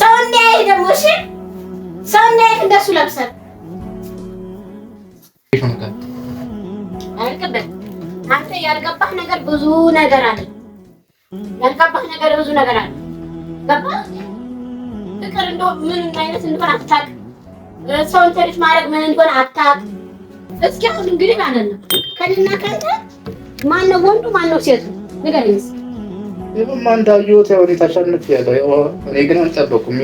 ሰው እንዲያይህ ደግሞ እሺ፣ ሰው እንደሱ ለብሰህ አልቅበት። አንተ ያልገባህ ነገር ብዙ ነገር አለ። ያልገባህ ነገር ብዙ ነገር አለ። ገባህ? ፍቅር ምን አይነት እንደሆነ አታውቅም። ሰውን ተሪት ማድረግ ምን እንደሆነ አታውቅም። እስኪ አሁን እንግዲህ ማለት ነው ከእኔና ከአንተ ማነው ወንዱ ማነው ሴቱ ንገረኝ እስኪ ይሁም አንዳየሁት ያው እኔ ታሸንፍ ያለው ያው እኔ ግን አልጠበኩም።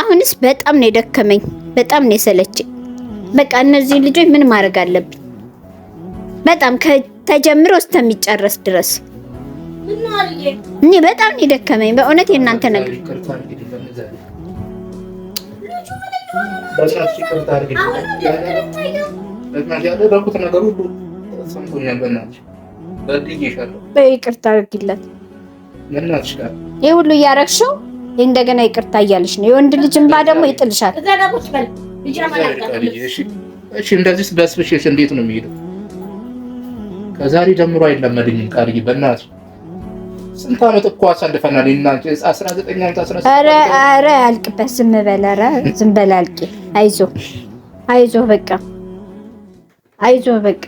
አሁንስ በጣም ነው የደከመኝ፣ በጣም ነው የሰለችኝ። በቃ እነዚህ ልጆች ምን ማድረግ አለብኝ? በጣም ከተጀምሮ እስከሚጨረስ ድረስ እኔ በጣም የደከመኝ በእውነት የእናንተ ነገር በይቅርታ አድርጊላት። ይህ ሁሉ እያረግሽው እንደገና ይቅርታ እያለሽ ነው። የወንድ ልጅ እንባ ደግሞ ይጥልሻል። እሺ እንደዚህ በስብሽሽ እንዴት ነው የሚሄደው? ከዛሬ ጀምሮ አይለመድኝም። ቃልዬ ስንት እኮ አሳልፈናል። ዝም በል፣ ኧረ ዝም በል አልቂ። በቃ በቃ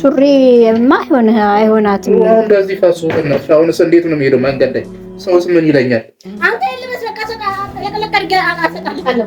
ሱሪ ማ እንደዚህ ፈሱ አሁንስ እንዴት ነው የሚሄደው? መንገድ ላይ ሰውስ ምን ይለኛል? አንተ የለበስ በቃ ሰቃ ለቀለቀ አቃሰቃለሁ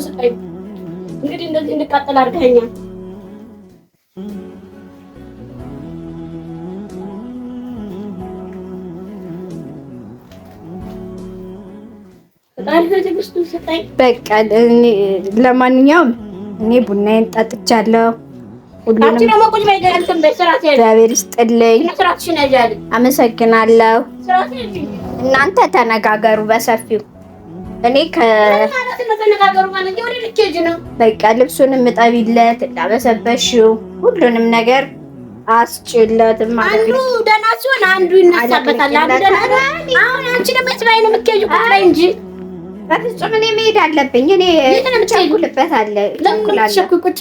እሱን ስጠኝ። እንግዲህ እንደዚህ እንድቃጠል አድርገኸኛል። በቃ ለማንኛውም እኔ ቡናዬን ጠጥቻለሁ። እግዚአብሔር ይስጥልኝ፣ አመሰግናለሁ። እናንተ ተነጋገሩ በሰፊው እኔ በቃ ልብሱን የምጠቢለት እንዳበሰበሽው ሁሉንም ነገር አስጭለት ማለት ነው። አንዱ ደህና ሲሆን አንዱ ይነሳበታል። አንዱ ደህና አሁን አንቺ ደግሞ ስባይ ነው የምትሄጂው ቁጥር እንጂ በፍጹም እኔ መሄድ አለብኝ። እኔ ቸኩልበት አለ ቁጭ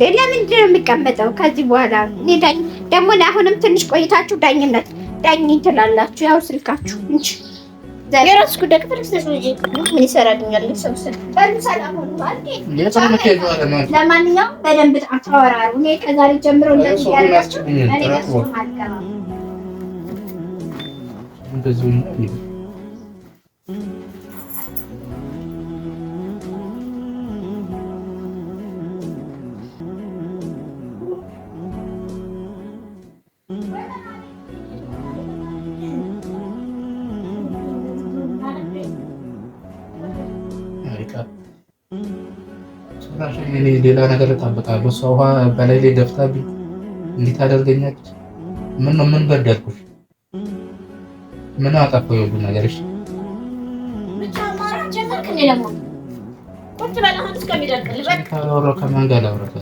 በይ እንዴ! ለምንድን ነው የሚቀመጠው? ከዚህ በኋላ እኔ ዳኝ ደግሞ አሁንም ትንሽ ቆይታችሁ ዳኝነት ዳኝ ትላላችሁ። ያው ስልካችሁ እንጂ የራሱ ጉዳይ ከተረስተሽ ልጅ ምን ይሰራልኛል? ለማንኛውም በደንብ አታወራሩ። እኔ ከዛሬ ጀምሮ እንደዚህ ያደርጋችሁ እኔ በቃ ሌላ ነገር እጠብቃለሁ። እሷ ውሃ በላይ ላይ ደፍታብኝ እንዲህ ታደርገኛለች። ምን ነው ምን በደልኩሽ? ምን አጠፋሁ? የሁሉ ነገርሽ ብቻ ከማን ጋር ላውራት?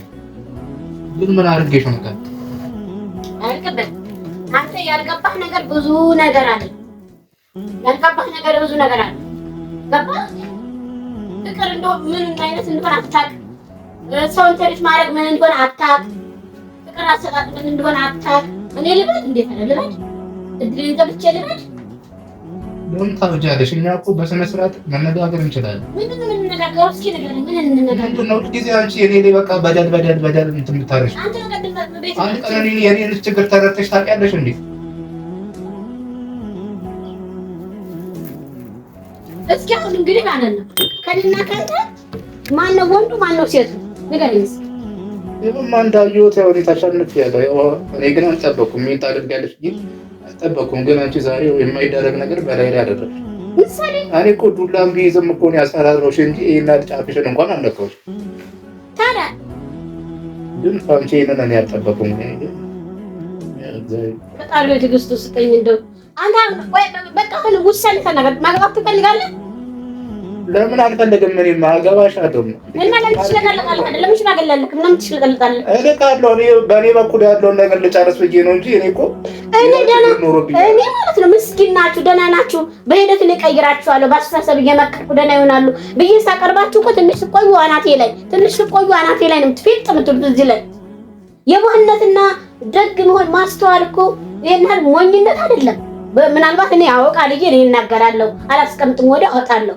ግን ምን አድርጌሽ ነው? አንተ። ያልገባህ ነገር ብዙ ነገር አለ። ያልገባህ ነገር ብዙ ነገር አለ። ገባህ ፍቅር እንደው ምን አይነት እንደሆነ አታውቅም። ሰውን ማድረግ ምን እንደሆነ አታውቅም። ፍቅር አሰጣጥ ምን እንደሆነ አታውቅም። እኔ ልበል እንዴት ልበል? ገብቼ ልበል? ምን ታውጃለሽ? እኛ እኮ በስነ ስርዓት መነጋገር እንችላለን። ምን ምን እስኪ ምን ነው? አንቺ የኔ ላይ በቃ በዳድ በዳድ በዳድ እንትን የምታረሽ አንተ ቀድም ቤት አንተ የኔን ችግር ተረተሽ ታውቂያለሽ እንዴ? እስኪ አሁን እንግዲህ ማለት ነው ከእኔና ከአንተ ማነው ወንዱ ማነው ሴቱ ንገረኝ እስኪ። ይኸውማ እንዳየሁት ያው እኔ ታሸንፊያለሁ። ያው እኔ ግን አልጠበኩም። ይሄን ታደርጊያለሽ ግን አልጠበኩም። ግን አንቺ ዛሬ የማይደረግ ነገር በላይ ላይ አደረግሽ። እኔ እኮ ዱላም ቢይዝም እኮ ነው እንጂ ይሄን ጫፍሽን እንኳን አልነካሁሽ። ታዲያ ግን አንቺ ይሄንን እኔ አልጠበኩም። ፈጣሪ ትዕግስቱ ስጠኝ። እንደው አንተ በቃ አሁን ውሳኔ ተናገር ማግባት ትፈልጋለህ? ለምን አልፈለግም? ምን ማገባሽ አደም እና ለምን ትሽለቀለቃለህ? ለምን ትሽለቀለቃለህ? ለምን ትሽለቀለቃለህ? እልካለሁ። እኔ በእኔ በኩል ያለውን ነገር ልጨርስ ብዬ ነው እንጂ እኔ እኮ እኔ ደህና እኔ ማለት ነው ምስኪን ናችሁ፣ ደህና ናችሁ። በሂደት እኔ እቀይራችኋለሁ፣ በአስተሳሰብ እየመከርኩ ደህና ይሆናሉ ብዬ ሳቀርባችሁ እኮ ትንሽ ስቆዩ አናቴ ላይ ትንሽ ስቆዩ አናቴ ላይ ነው ትፊጥ የምትሉት። እዚህ ላይ የዋህነትና ደግ መሆን ማስተዋል እኮ ይሄን ያህል ሞኝነት አይደለም። ምናልባት እኔ አወቃ ልዬ እኔ እናገራለሁ፣ አላስቀምጥም ወዲያ አወጣለሁ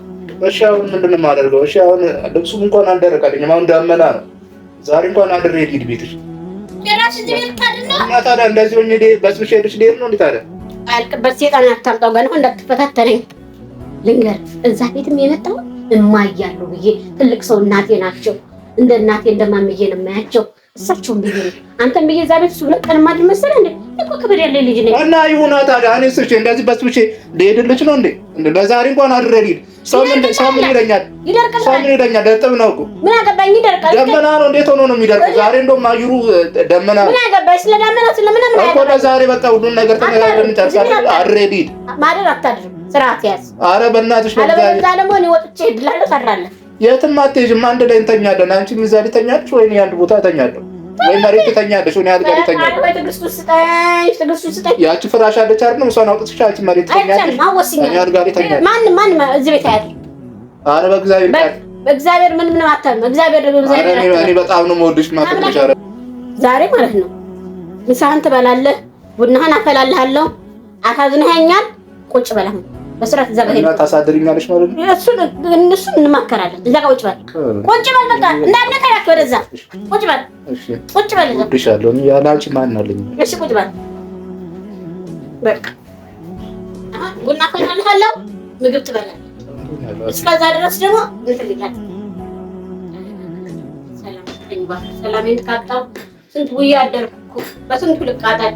እሺ አሁን ምንድን ነው የማደርገው? እሺ አሁን ልብሱም እንኳን አልደረቀልኝም። አሁን ዳመና ነው። ዛሬ እንኳን አድሬ ልሂድ ቤትሽ እና ታዲያ እንደዚህ ሆኜ በስብሽ ሄድሽ ልሄድ ነው እንዴ ታዲያ? አልቅበት ሴጣን አታምጣው። ገና እንዳትፈታተነኝ ልንገር፣ እዛ ቤትም የመጣው እማያለሁ ብዬ ትልቅ ሰው እናቴ ናቸው። እንደ እናቴ እንደማምዬ ነው የማያቸው እሳቸውን ብዬ አንተም ብዬ ዛሬ ቤት እሱ ሁለት ቀን ማድር መሰለህ እንዴ? እኮ ክብር ያለ ልጅ ነኝ እና ይሁና ታዲያ። እኔ ስልሽ እንደዚህ በስብሽ ልሄድልሽ ነው እንዴ? ለዛሬ እንኳን አድሬ ልሂድ። ሰው ምን ይለኛል? ሰው ምን ይለኛል? እርጥብ ነው እኮ ምን አገባኝ? ይደርቃል። ደመና ነው። እንዴት ሆኖ ነው የሚደርቀው? ዛሬ እንደውም አየሩ ደመና ነው። ምን አገባኝ? ስለ ደመና ስለ ምን ምን እኮ ለዛሬ በቃ ሁሉን ነገር ተነጋግረን እንጨርሳለን። አድሬ ልሂድ። ማደር አታድርም። ስርዓት ያዝ። አረ በእናትሽ ነው። አለበለዚያ ደግሞ እኔ ወጥቼ እሄድላለሁ። ፈራለሁ የትም አትሄጂም። አንድ ላይ እንተኛለን። አንቺ እዛ ልተኛለች ወይ አንድ ቦታ እተኛለሁ ወይ መሬት ትተኛለች ወይ አልጋ ልተኛለሁ። ያቺ ፍራሽ አለች አይደል? እሷን አውጥተሽ አንቺ መሬት ትተኛለች፣ አልጋ እተኛለሁ። እዚህ ቤት ያለ? ኧረ በእግዚአብሔር በእግዚአብሔር ምን ምን አታም እግዚአብሔር እኔ በጣም ነው የምወድሽ። ዛሬ ማለት ነው ምሳህን ትበላለህ፣ ቡናህን አፈላልሃለሁ። አሳዝነኸኛል። ቁጭ በላህ በስራት እዛ ጋር ሄደህ ታሳድሪኛለሽ ማለት ነው። እሱን እነሱን እንማከራለን። እዛ ጋር ቁጭ በል ቁጭ በል በቃ እንዳነከራክ ወደዛ ቁጭ በል ቁጭ በል እዛ እወድሻለሁ። ያለ አንቺ ማን አለኝ? እሺ ቁጭ በል በቃ ቡና አፈላለሁ፣ ምግብ ትበላለህ። እስከዛ ድረስ ደግሞ እንፈልጋለን። ሰላሜን ካጣሁ ስንት ውዬ አደርኩ፣ በስንቱ ልቃጣል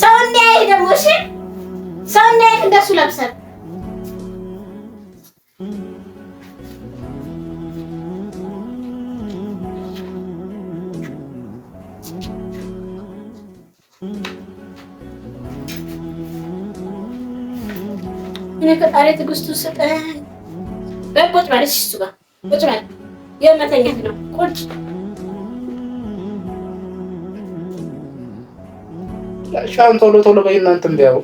ሰው እንዲያይህ ደግሞ እሺ፣ ሰው እንዲያይህ እንደሱ ለብሰህ እኔ ከጣሪ ትዕግስቱ ስጠኝ። ቁጭ በል እሱ ጋር ቁጭ በል የመተኛት ነው ቁጭ ሻም ቶሎ ቶሎ በይ እናንተ እንዲያው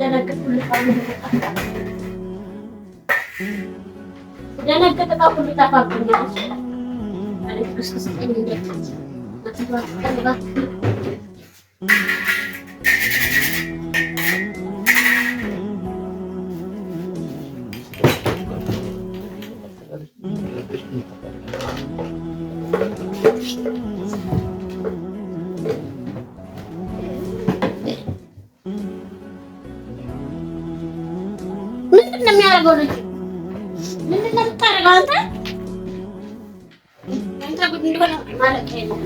ደነገጥ የምታደርገው ልጅ ምንድን ነው የምታደርገው አንተ? አንተ ጉድ እንደሆነ ማለት ነው።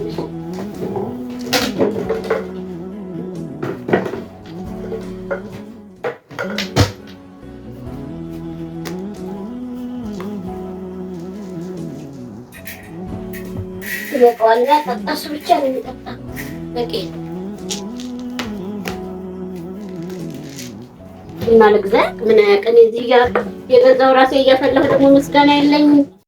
ትበቃዋለህ። ጠጣ እሱ ብቻ ነው የሚጠጣ በቂ ቡና ልግዛ ምን ያቀን እዚህ የገዛው ራሴ እያፈላሁ ደግሞ ምስጋና የለኝ